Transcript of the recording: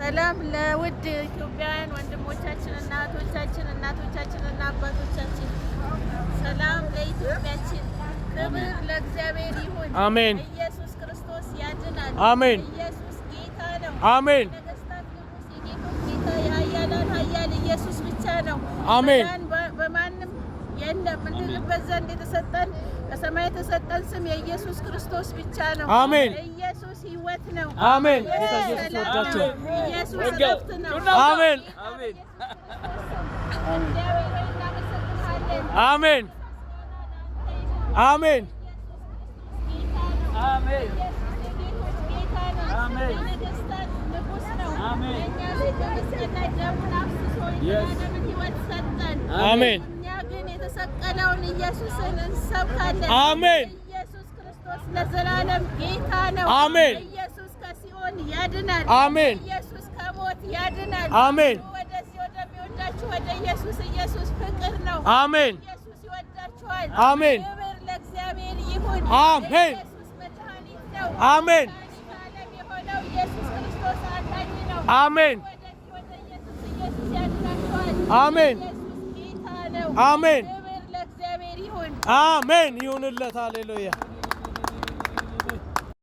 ሰላም ለውድ ኢትዮጵያውያን ወንድሞቻችን እና እህቶቻችን እናቶቻችን እና አባቶቻችን፣ ሰላም ለኢትዮጵያችን፣ ክብር ለእግዚአብሔር ይሁን። አሜን። ኢየሱስ ክርስቶስ ያድናል። አሜን። ኢየሱስ ጌታ ነው። አሜን። ኢየሱስ ብቻ ነው። አሜን። በማንም የለም እንድንበት ዘንድ የተሰጠን ከሰማይ የተሰጠን ስም የኢየሱስ ክርስቶስ ብቻ ነው። አሜን። ኢየሱስ ህይወት ነው። አሜን። ጌታ ኢየሱስ ወዳቸው። ኢየሱስ ረፍት ነው። አሜን። አሜን። አሜን። አሜን። እኛ ግን የተሰቀለውን ኢየሱስን እንሰብካለን። አሜን። ኢየሱስ ክርስቶስ ለዘላለም ጌታ ነው። አሜን። ያድናል። አሜን። ኢየሱስ ከሞት ያድናል። አሜን። ወደዚህ ወደሚወዳችሁ ወደ ኢየሱስ። ኢየሱስ ፍቅር ነው። አሜን። ኢየሱስ ይወዳችኋል። አሜን። ክብር ለእግዚአብሔር ይሁን። አሜን። ኢየሱስ መድኃኒት አሜን። ዓለም አሜን። አሜን። አሜን። አሜን። ይሁንለት። ሃሌሉያ